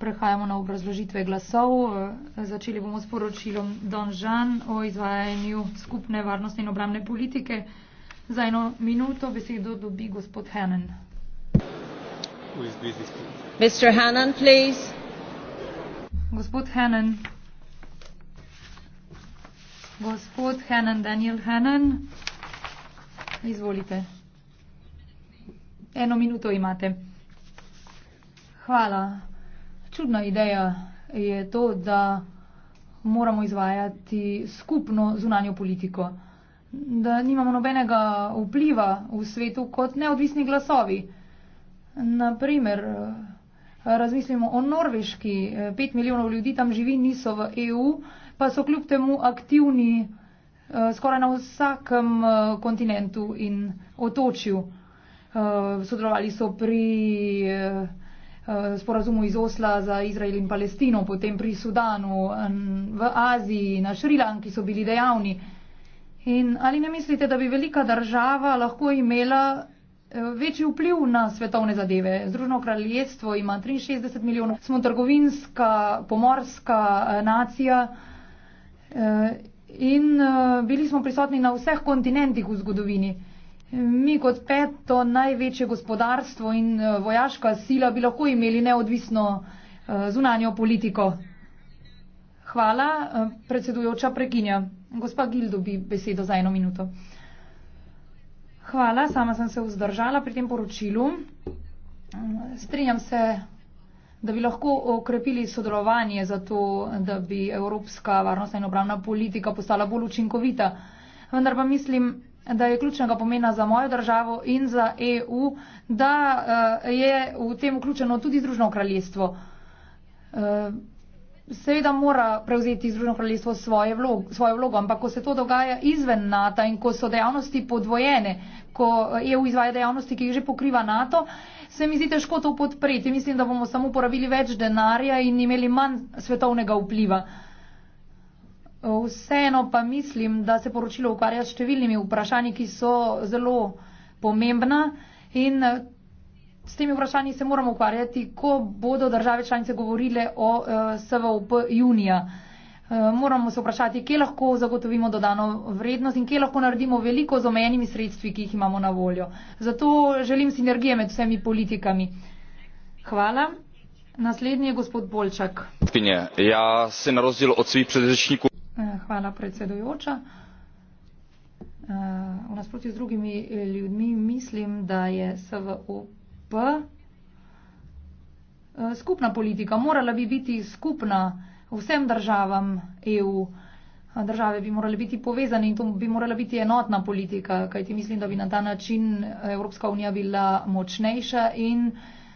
prehajamo na obrazložitve glasov. E, začeli bomo s poročilom Don Žan o izvajanju skupne varnostne in obramne politike. Za eno minuto besedo dobi gospod Hannan. Mr. Hannan, please. Gospod Hannan. Gospod Hannan, Daniel Hannan. Izvolite. Eno minuto imate. Hvala čudna ideja je to, da moramo izvajati skupno zunanjo politiko, da nimamo nobenega vpliva v svetu kot neodvisni glasovi. Naprimer, razmislimo o Norveški, pet milijonov ljudi tam živi, niso v EU, pa so kljub temu aktivni eh, skoraj na vsakem eh, kontinentu in otočju. Eh, sodelovali so pri Eh, sporazumu iz Osla za Izrael in Palestino, potem pri Sudanu, v Aziji, na Šrilanki so bili dejavni. In ali ne mislite, da bi velika država lahko imela eh, večji vpliv na svetovne zadeve? Združeno kraljestvo ima 63 milijonov, smo trgovinska, pomorska eh, nacija in bili smo prisotni na vseh kontinentih v zgodovini. Mi kot peto največje gospodarstvo in eh, vojaška sila bi lahko imeli neodvisno eh, zunanjo politiko. Hvala, eh, predsedujoča prekinja. Gospa Gil dobi besedo za eno minuto. Hvala, sama sem se vzdržala pri tem poročilu. Strinjam se, da bi lahko okrepili sodelovanje za to, da bi evropska varnostna in obravna politika postala bolj učinkovita. Vendar pa mislim, da je ključnega pomena za mojo državo in za EU, da eh, je v tem vključeno tudi Združeno kraljestvo. Eh, seveda mora prevzeti Združeno kraljestvo svoje vlog, svojo vlogo, ampak ko se to dogaja izven NATO in ko so dejavnosti podvojene, ko EU izvaja dejavnosti, ki jih že pokriva NATO, se mi zdi težko to podpreti. Mislim, da bomo samo porabili več denarja in imeli manj svetovnega vpliva. Uh, Vseeno pa mislim, da se poročilo ukvarja s številnimi vprašanji, ki so zelo pomembna in s temi vprašanji se moramo ukvarjati, ko bodo države članice govorile o eh, SVOP junija. Eh, moramo se vprašati, kje lahko zagotovimo dodano vrednost in kje lahko naredimo veliko z omenjenimi sredstvi, ki jih imamo na voljo. Zato želim sinergije med vsemi politikami. Hvala. Naslednji je gospod Bolčak. Ja se narozil od svih predrečnikov. Eh, hvala, predsedujoča. Eh, v nasprotju z drugimi eh, ljudmi mislim, da je SVOP skupna politika. Morala bi biti skupna vsem državam EU. Države bi morale biti povezane in to bi morala biti enotna politika, kajti mislim, da bi na ta način Evropska unija bila močnejša in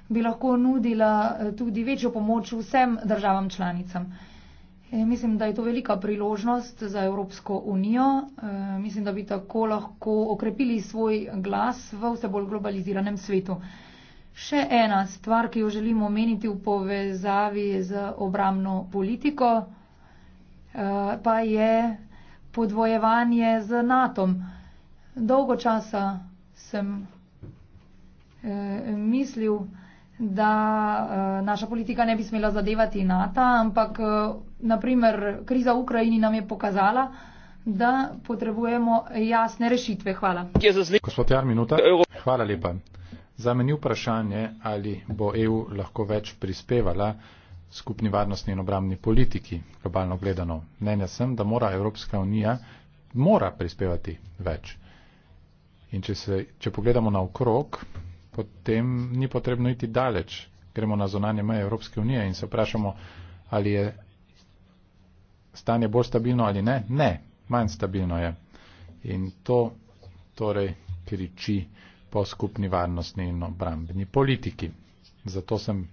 bi lahko nudila tudi večjo pomoč vsem državam članicam. E, mislim, da je to velika priložnost za Evropsko unijo. E, mislim, da bi tako lahko okrepili svoj glas v vse bolj globaliziranem svetu. Še ena stvar, ki jo želim omeniti v povezavi z obramno politiko, e, pa je podvojevanje z NATO. Dolgo časa sem mislil, da naša politika ne bi smela zadevati NATO, ampak naprimer kriza v Ukrajini nam je pokazala, da potrebujemo jasne rešitve. Hvala. Gospod Jarminuta, hvala lepa. Za meni vprašanje, ali bo EU lahko več prispevala skupni varnostni in obramni politiki, globalno gledano. Mnenja sem, da mora Evropska unija mora prispevati več. In če, se, če pogledamo na okrog, potem ni potrebno iti daleč. Gremo na zonanje meje Evropske unije in se vprašamo, ali je stanje bolj stabilno ali ne? Ne, manj stabilno je. In to torej kriči po skupni varnostni in obrambni politiki. Zato sem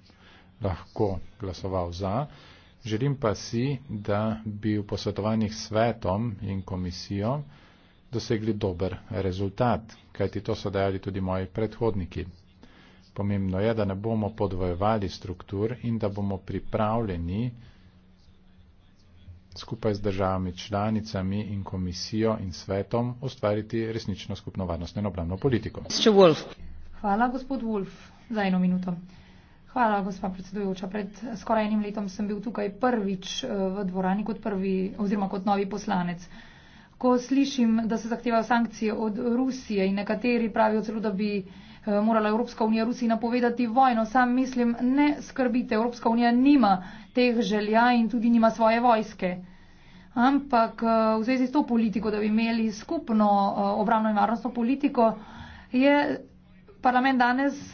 lahko glasoval za. Želim pa si, da bi v posvetovanjih svetom in komisijo dosegli dober rezultat, kajti to so dejali tudi moji predhodniki. Pomembno je, da ne bomo podvojevali struktur in da bomo pripravljeni skupaj z državami članicami in komisijo in svetom ustvariti resnično skupno varnostno in obramno politiko. Hvala, gospod Wolf, za eno minuto. Hvala, gospa predsedujoča. Pred skoraj enim letom sem bil tukaj prvič eh, v dvorani kot prvi oziroma kot novi poslanec. Ko slišim, da se zahtevajo sankcije od Rusije in nekateri pravijo celo, da bi Eh, morala Evropska unija Rusiji napovedati vojno. Sam mislim, ne skrbite, Evropska unija nima teh želja in tudi nima svoje vojske. Ampak eh, v zvezi s to politiko, da bi imeli skupno eh, obramno in varnostno politiko, je parlament danes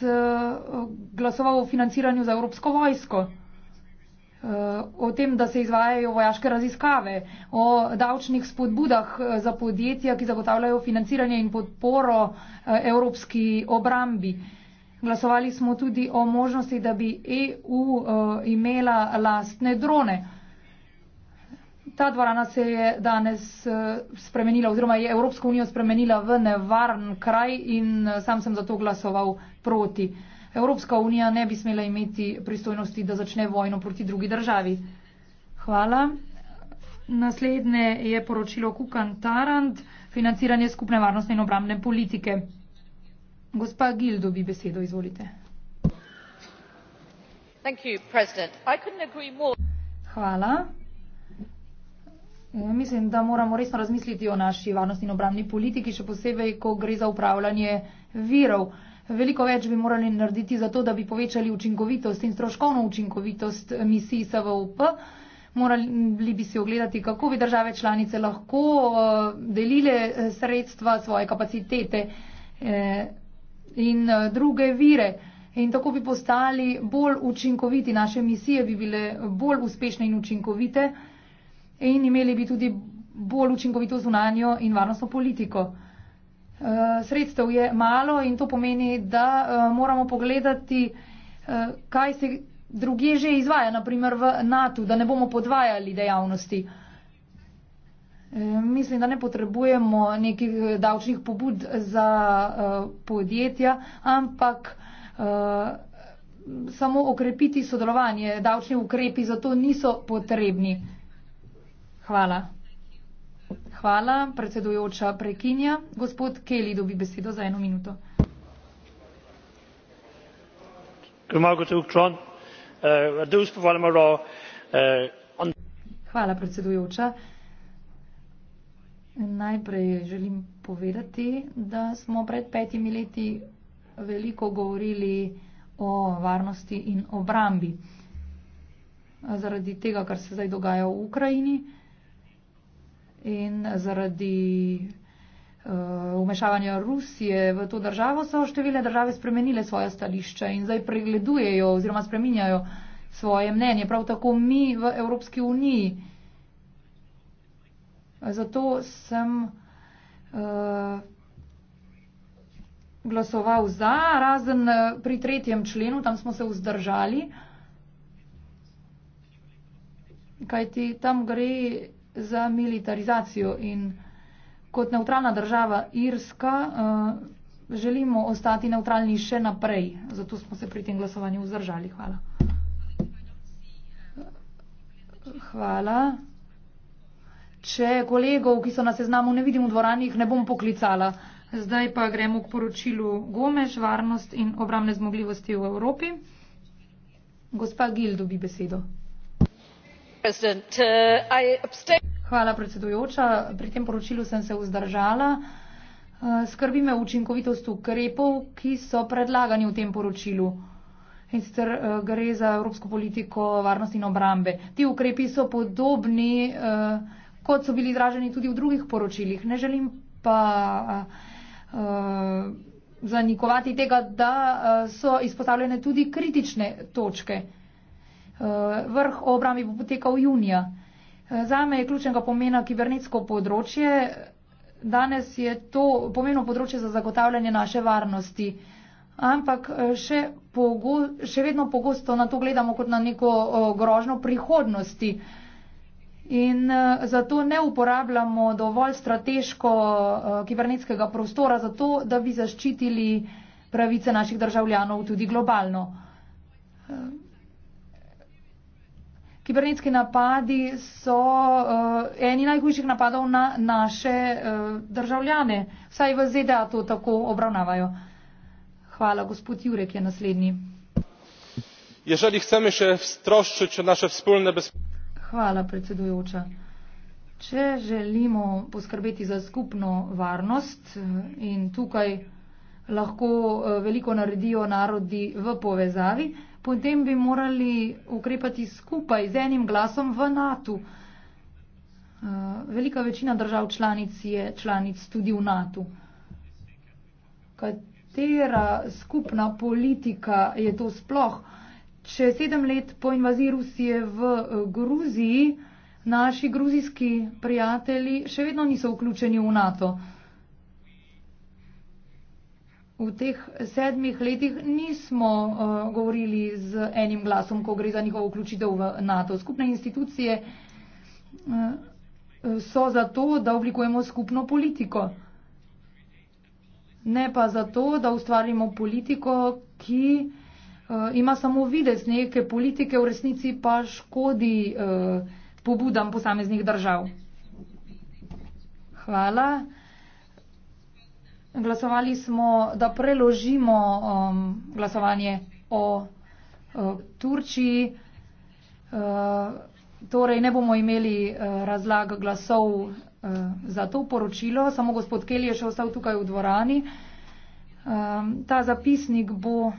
glasoval o financiranju za Evropsko vojsko. Eh, o tem, da se izvajajo vojaške raziskave, o davčnih spodbudah eh, za podjetja, ki zagotavljajo financiranje in podporo eh, evropski obrambi. Glasovali smo tudi o možnosti, da bi EU imela lastne drone. Ta dvorana se je danes spremenila oziroma je Evropsko unijo spremenila v nevarn kraj in sam sem zato glasoval proti. Evropska unija ne bi smela imeti pristojnosti, da začne vojno proti drugi državi. Hvala. Naslednje je poročilo Kukan Tarant, financiranje skupne varnostne in obramne politike. Gospa Gil dobi besedo, izvolite. Hvala. Ja, mislim, da moramo resno razmisliti o naši varnostni in obramni politiki, še posebej, ko gre za upravljanje virov. Veliko več bi morali narediti za to, da bi povečali učinkovitost in stroškovno učinkovitost misij SVOP. Morali bi si ogledati, kako bi države članice lahko eh, delile eh, sredstva, svoje kapacitete eh, in druge vire. In tako bi postali bolj učinkoviti, naše misije bi bile bolj uspešne in učinkovite in imeli bi tudi bolj učinkovito zunanjo in varnostno politiko. Uh, Eh, sredstev je malo in to pomeni, da eh, moramo pogledati, eh, kaj se druge že izvaja, naprimer v NATO, da ne bomo podvajali dejavnosti. Mislim, da ne potrebujemo nekih davčnih pobud za podjetja, ampak samo okrepiti sodelovanje. Davčni ukrepi za to niso potrebni. Hvala. Hvala, predsedujoča prekinja. Gospod Kelly dobi besedo za eno minuto. Hvala, predsedujoča. Najprej želim povedati, da smo pred petimi leti veliko govorili o varnosti in obrambi. Zaradi tega, kar se zdaj dogaja v Ukrajini, in zaradi eh, vmešavanja Rusije v to državo so številne države spremenile svoje stališče in zdaj pregledujejo oziroma spreminjajo svoje mnenje. Prav tako mi v Evropski uniji. Zato sem uh, glasoval za, razen eh, pri tretjem členu, tam smo se vzdržali, kajti tam gre za militarizacijo in kot neutralna država Irska eh, želimo ostati neutralni še naprej. Zato smo se pri tem glasovanju vzdržali. Hvala. Hvala. Če kolegov, ki so na seznamu, ne vidim v dvorani, jih ne bom poklicala. Zdaj pa gremo k poročilu Gomeš, varnost in obramne zmogljivosti v Evropi. Gospa Gil dobi besedo. President, uh, I abstain. Hvala, predsedujoča. Pri tem poročilu sem se vzdržala. Eh, skrbi me učinkovitost ukrepov, ki so predlagani v tem poročilu. In sicer eh, gre za evropsko politiko varnosti in obrambe. Ti ukrepi so podobni, eh, kot so bili izraženi tudi v drugih poročilih. Ne želim pa zanikovati tega, da so izpostavljene tudi kritične točke. Vrh o obrambi bo potekal junija. Zame je ključnega pomena kibernetsko področje. Danes je to pomembno področje za zagotavljanje naše varnosti. Ampak eh, še, pogo, še vedno pogosto na to gledamo kot na neko eh, grožno prihodnosti. In eh, zato ne uporabljamo dovolj strateško kibernetskega prostora za to, da bi zaščitili pravice naših državljanov tudi globalno. Kibernetski napadi so uh, eni najhujših napadov na naše uh, državljane. Vsaj v ZDA to tako obravnavajo. Hvala, gospod Jurek je naslednji. Hvala, predsedujoča. Če želimo poskrbeti za skupno varnost eh, in tukaj lahko veliko naredijo narodi v povezavi, potem bi morali ukrepati skupaj z enim glasom v NATO. Eh, velika večina držav članic je članic tudi v NATO. Katera skupna politika je to sploh? Če sedem let po invaziji Rusije v eh, Gruziji, naši gruzijski prijatelji še vedno niso vključeni v NATO v teh sedmih letih nismo uh, govorili z enim glasom, ko gre za njihovo vključitev v NATO. Skupne institucije uh, so zato, da oblikujemo skupno politiko, ne pa zato, da ustvarimo politiko, ki uh, ima samo videz neke politike, v resnici pa škodi uh, pobudam posameznih držav. Hvala. Glasovali smo, da preložimo um, glasovanje o uh, Turčiji. Uh, torej, ne bomo imeli uh, razlag glasov uh, za to poročilo, samo gospod Kelj je še ostal tukaj v dvorani. Um, ta zapisnik bo uh,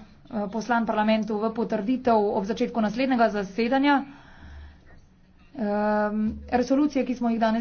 poslan parlamentu v potrditev ob začetku naslednjega zasedanja. Um, resolucije, ki smo jih danes.